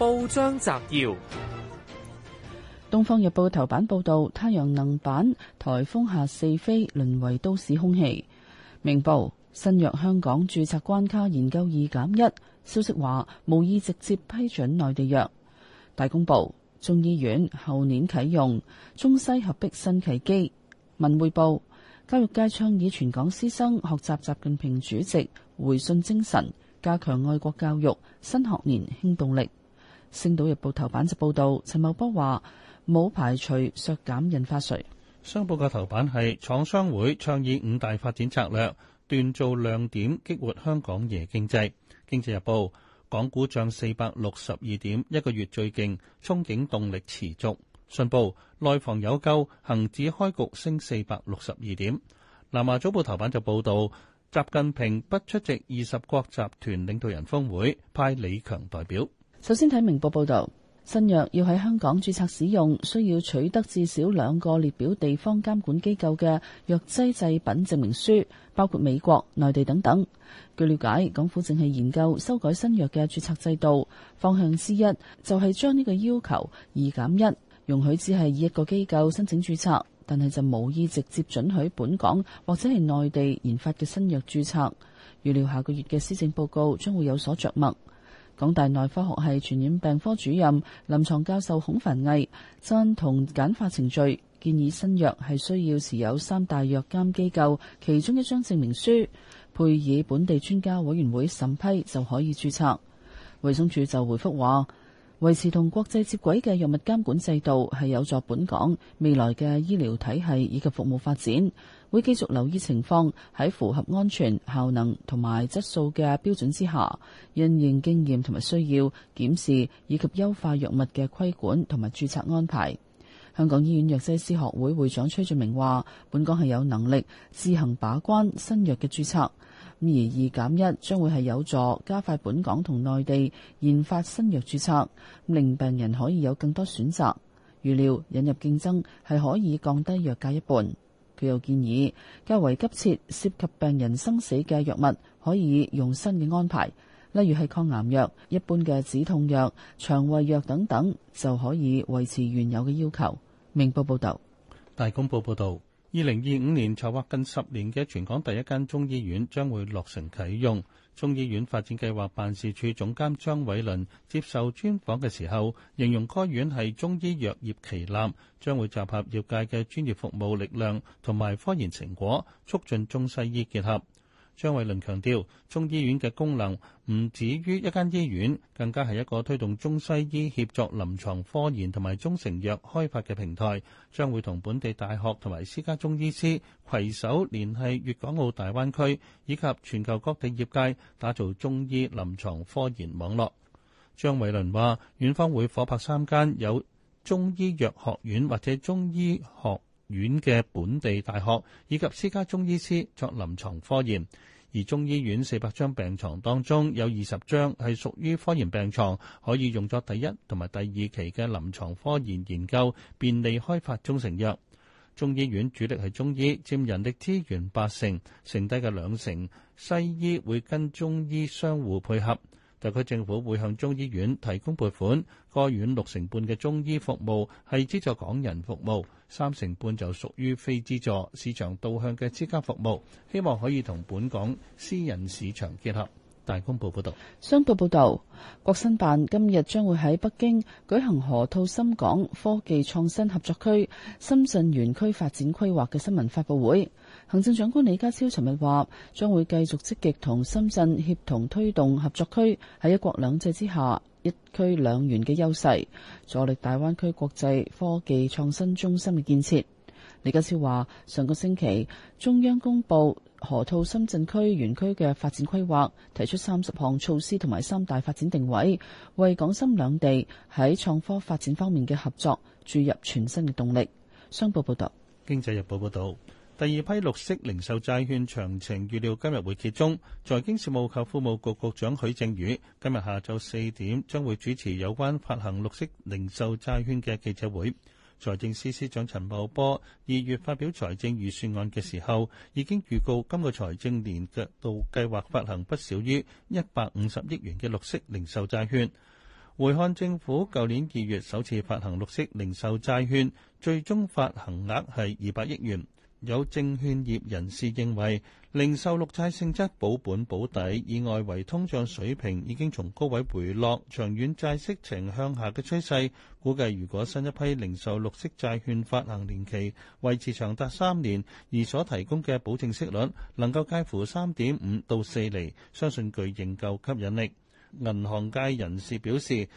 報章摘要：《東方日報》頭版報道，太陽能板台風下四飛，淪為都市空氣。《明報》新藥香港註冊關卡研究二減一，1，消息話無意直接批准內地藥。《大公報》中醫院後年啟用，中西合璧新契機。《文匯報》教育界倡議全港師生學習習近平主席回信精神，加強愛國教育。新學年輕動力。《星島日報》頭版就報道，陳茂波話冇排除削減印花稅。商報嘅頭版係廠商會倡議五大發展策略，鍛造亮點，激活香港夜經濟。《經濟日報》港股漲四百六十二點，一個月最勁，憧憬動力持續。信報內房有救，恒指開局升四百六十二點。《南華早報》頭版就報道，習近平不出席二十國集團領導人峰會，派李強代表。首先睇《明報》報道，新藥要喺香港註冊使用，需要取得至少兩個列表地方監管機構嘅藥劑製品證明書，包括美國、內地等等。據了解，港府正係研究修改新藥嘅註冊制度，方向之一就係將呢個要求二減一，1, 容許只係以一個機構申請註冊，但係就無意直接准許本港或者係內地研發嘅新藥註冊。預料下個月嘅施政報告將會有所着墨。港大內科學系傳染病科主任、臨床教授孔凡毅贊同簡化程序，建議新藥係需要持有三大藥監機構其中一張證明書，配以本地專家委員會審批就可以註冊。衞生署就回覆話。維持同國際接軌嘅藥物監管制度係有助本港未來嘅醫療體系以及服務發展。會繼續留意情況，喺符合安全、效能同埋質素嘅標準之下，因應經驗同埋需要，檢視以及優化藥物嘅規管同埋註冊安排。香港醫院藥劑師學會會長崔俊明話，本港係有能力自行把關新藥嘅註冊。而二減一將會係有助加快本港同內地研發新藥註冊，令病人可以有更多選擇。預料引入競爭係可以降低藥價一半。佢又建議較為急切涉及病人生死嘅藥物可以用新嘅安排，例如係抗癌藥、一般嘅止痛藥、腸胃藥等等就可以維持原有嘅要求。明報報道。大公報報道。二零二五年，籌劃近十年嘅全港第一間中醫院將會落成啟用。中醫院發展計劃辦事處總監張偉麟接受專訪嘅時候，形容該院係中醫藥業旗艦，將會集合業界嘅專業服務力量同埋科研成果，促進中西醫結合。張偉麟強調，中醫院嘅功能唔止於一間醫院，更加係一個推動中西醫協作、臨牀科研同埋中成藥開發嘅平台。將會同本地大學同埋私家中醫師攜手聯繫粵港澳大灣區以及全球各地業界，打造中醫臨牀科研網絡。張偉麟話，院方會夥拍三間有中醫藥學院或者中醫學。院嘅本地大學以及私家中醫師作臨床科研，而中醫院四百張病床當中有二十張係屬於科研病床，可以用作第一同埋第二期嘅臨床科研研究，便利開發中成藥。中醫院主力係中醫佔人力資源八成，剩低嘅兩成西醫會跟中醫相互配合。特區政府會向中醫院提供撥款，該院六成半嘅中醫服務係資助港人服務。三成半就屬於非資助市場導向嘅資格服務，希望可以同本港私人市場結合。大公報報道：商報報道，國新辦今日將會喺北京舉行河套深港科技創新合作區深圳園區發展規劃嘅新聞發佈會。行政長官李家超尋日話，將會繼續積極同深圳協同推動合作區喺一國兩制之下一區兩園嘅優勢，助力大灣區國際科技創新中心嘅建設。李家超話：上個星期中央公佈河套深圳區園區嘅發展規劃，提出三十項措施同埋三大發展定位，為港深兩地喺創科發展方面嘅合作注入全新嘅動力。商報報導，《經濟日報》報導。第二批綠色零售債券詳情預料今日會揭盅，財經事務及庫務局局長許正宇今日下晝四點將會主持有關發行綠色零售債券嘅記者會。財政司司長陳茂波二月發表財政預算案嘅時候已經預告，今個財政年度計劃發行不少於一百五十億元嘅綠色零售債券。回看政府舊年二月首次發行綠色零售債券，最終發行額係二百億元。有證券業人士認為，零售綠債性質保本保底，以外圍通脹水平已經從高位回落，長遠債息呈向下嘅趨勢。估計如果新一批零售綠色債券發行年期維持長達三年，而所提供嘅保證息率能夠介乎三點五到四厘，相信具仍夠吸引力。銀行界人士表示，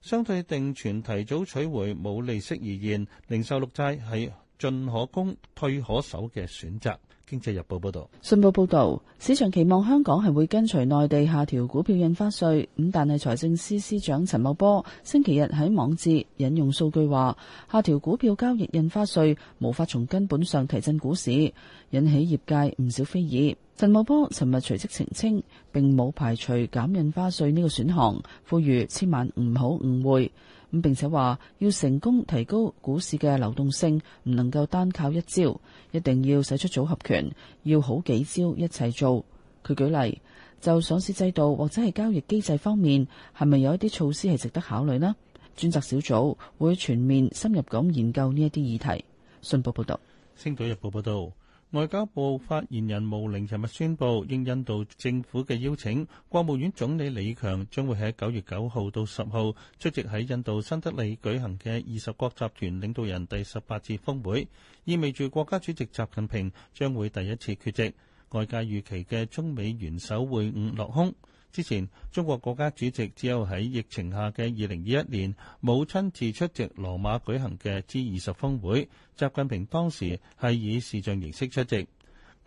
相對定存提早取回冇利息而言，零售綠債係，進可攻，退可守嘅選擇。經濟日報報道，信報報道，市場期望香港係會跟隨內地下調股票印花稅。咁但係財政司司長陳茂波星期日喺網誌引用數據話，下調股票交易印花稅無法從根本上提振股市，引起業界唔少非議。陳茂波尋日隨即澄清，並冇排除減印花稅呢個選項，呼籲千萬唔好誤會。咁並且話要成功提高股市嘅流動性，唔能夠單靠一招，一定要使出組合拳，要好幾招一齊做。佢舉例就上市制度或者係交易機制方面，係咪有一啲措施係值得考慮呢？專責小組會全面深入咁研究呢一啲議題。信報報導，星島日報報導。外交部發言人毛寧今日宣布，應印度政府嘅邀請，國務院總理李強將會喺九月九號到十號出席喺印度新德里舉行嘅二十國集團領導人第十八次峰會，意味住國家主席習近平將會第一次缺席，外界預期嘅中美元首會晤落空。之前，中國國家主席只有喺疫情下嘅二零二一年冇親自出席羅馬舉行嘅 G 二十峰會。習近平當時係以視像形式出席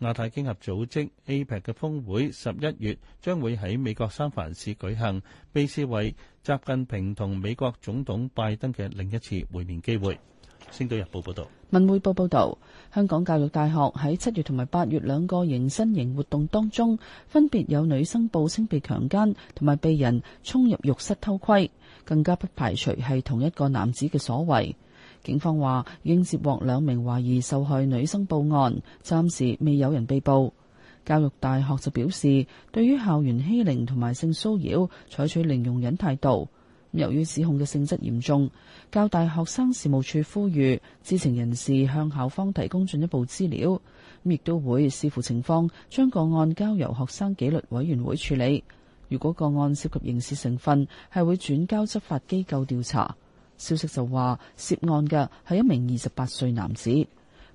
亞太經合組織 APEC 嘅峰會，十一月將會喺美國三藩市舉行，被視為習近平同美國總統拜登嘅另一次會面機會。星島日報報道，文匯報報道，香港教育大學喺七月同埋八月兩個迎新型活動當中，分別有女生報稱被強姦同埋被人沖入浴室偷窺，更加不排除係同一個男子嘅所為。警方話應接獲兩名懷疑受害女生報案，暫時未有人被捕。教育大學就表示，對於校園欺凌同埋性騷擾，採取零容忍態度。由於指控嘅性質嚴重，教大學生事務處呼籲知情人士向校方提供進一步資料，亦都會視乎情況將個案交由學生紀律委員會處理。如果個案涉及刑事成分，係會轉交執法機構調查。消息就話，涉案嘅係一名二十八歲男子。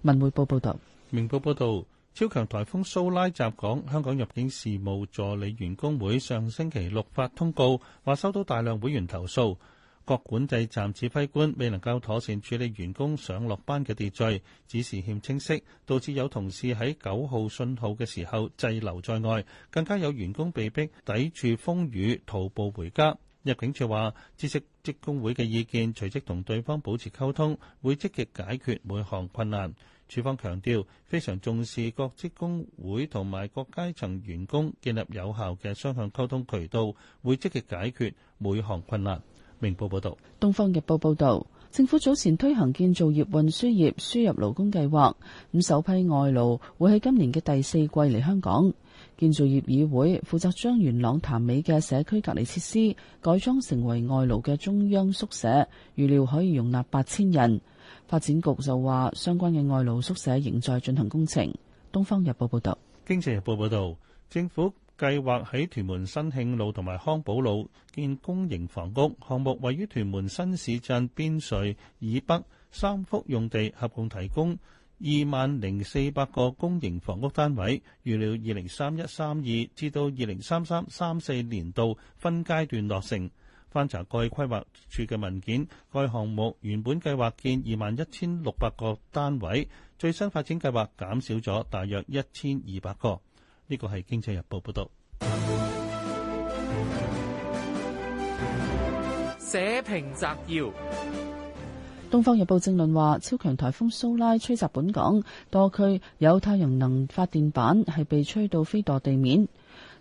文匯報報導，明報報道。超強颱風蘇拉襲港，香港入境事務助理員工會上星期六發通告，話收到大量會員投訴，各管制站指揮官未能夠妥善處理員工上落班嘅秩序，指示欠清晰，導致有同事喺九號信號嘅時候滯留在外，更加有員工被迫抵住風雨徒步回家。入境處話，知識職工會嘅意見，隨即同對方保持溝通，會積極解決每項困難。處方強調，非常重視各職工會同埋各階層員工建立有效嘅雙向溝通渠道，會積極解決每項困難。明報報導。《東方日報》報導，政府早前推行建造業、運輸業輸入勞工計劃，咁首批外勞會喺今年嘅第四季嚟香港。建造業議會負責將元朗潭尾嘅社區隔離設施改裝成為外勞嘅中央宿舍，預料可以容納八千人。發展局就話，相關嘅外勞宿舍仍在進行工程。東方日報報道。經濟日報報道，政府計劃喺屯門新慶路同埋康寶路建公營房屋項目，位於屯門新市鎮邊陲以北，三幅用地合共提供二萬零四百個公營房屋單位，預料二零三一三二至到二零三三三四年度分階段落成。翻查《規劃署》嘅文件，該項目原本計劃建二萬一千六百個單位，最新發展計劃減少咗大約一千二百個。呢個係《經濟日報》報道。社評摘要，《東方日報》正論話：超強台風蘇拉吹襲本港，多區有太陽能發電板係被吹到飛墮地面。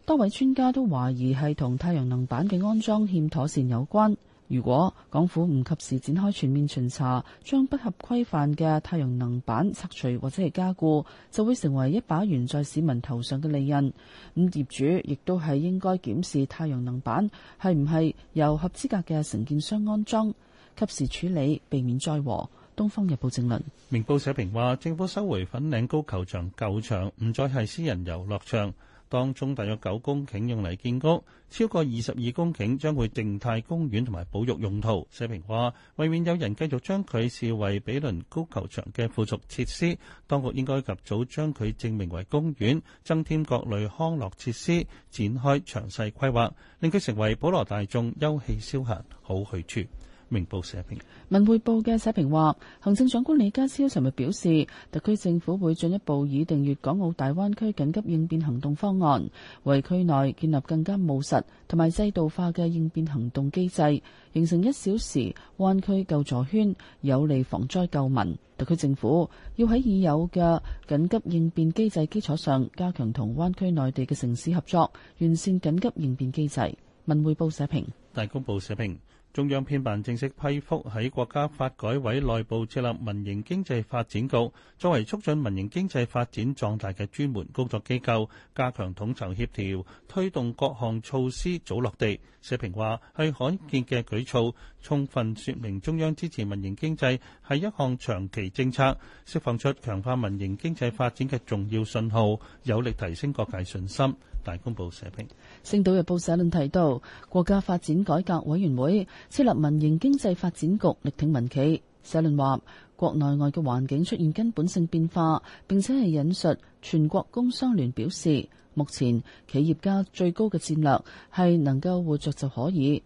多位專家都懷疑係同太陽能板嘅安裝欠妥善有關。如果港府唔及時展開全面巡查，將不合規範嘅太陽能板拆除或者係加固，就會成為一把懸在市民頭上嘅利刃。咁業主亦都係應該檢視太陽能板係唔係由合資格嘅承建商安裝，及時處理，避免災禍。《東方日報》正論。明報社評話，政府收回粉嶺高球場舊場，唔再係私人遊樂場。當中大約九公頃用嚟建屋，超過二十二公頃將會靜態公園同埋保育用途。社評話，為免有人繼續將佢視為比鄰高球場嘅附屬設施，當局應該及早將佢正名為公園，增添各類康樂設施，展開詳細規劃，令佢成為普羅大眾休憩消閒好去處。明報社評，文匯報嘅社評話，行政長官李家超尋日表示，特區政府會進一步擬定粵港澳大灣區緊急應變行動方案，為區內建立更加務實同埋制度化嘅應變行動機制，形成一小時灣區救助圈，有利防災救民。特區政府要喺已有嘅緊急應變機制基礎上，加強同灣區內地嘅城市合作，完善緊急應變機制。文匯報社評，大公報社評。中央編辦正式批覆喺國家發改委內部設立民營經濟發展局，作為促進民營經濟發展壯大嘅專門工作機構，加強統籌協調，推動各項措施早落地。社評話係罕見嘅舉措，充分說明中央支持民營經濟係一項長期政策，釋放出強化民營經濟發展嘅重要信號，有力提升各界信心。大公報社評。星島日報社論提到國家發展改革委員會設立民營經濟發展局，力挺民企。社論話國內外嘅環境出現根本性變化，並且係引述全國工商聯表示，目前企業家最高嘅戰略係能夠活着就可以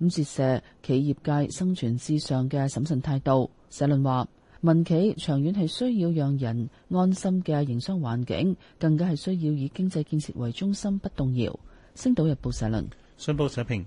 咁，折射企業界生存至上嘅審慎態度。社論話。民企長遠係需要讓人安心嘅營商環境，更加係需要以經濟建設為中心，不動搖。星島日報社論。信報社評：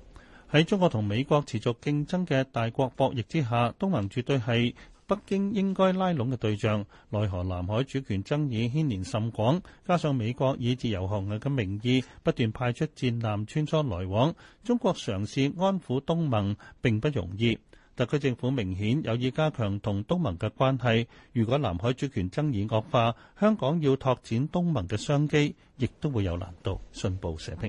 喺中國同美國持續競爭嘅大國博弈之下，東盟絕對係北京應該拉攏嘅對象。內河南海主權爭議牽連甚廣，加上美國以自由航行嘅名義不斷派出戰艦穿梭來往，中國嘗試安撫東盟並不容易。特區政府明顯有意加強同東盟嘅關係，如果南海主權爭議惡化，香港要拓展東盟嘅商機，亦都會有難度。信報社評。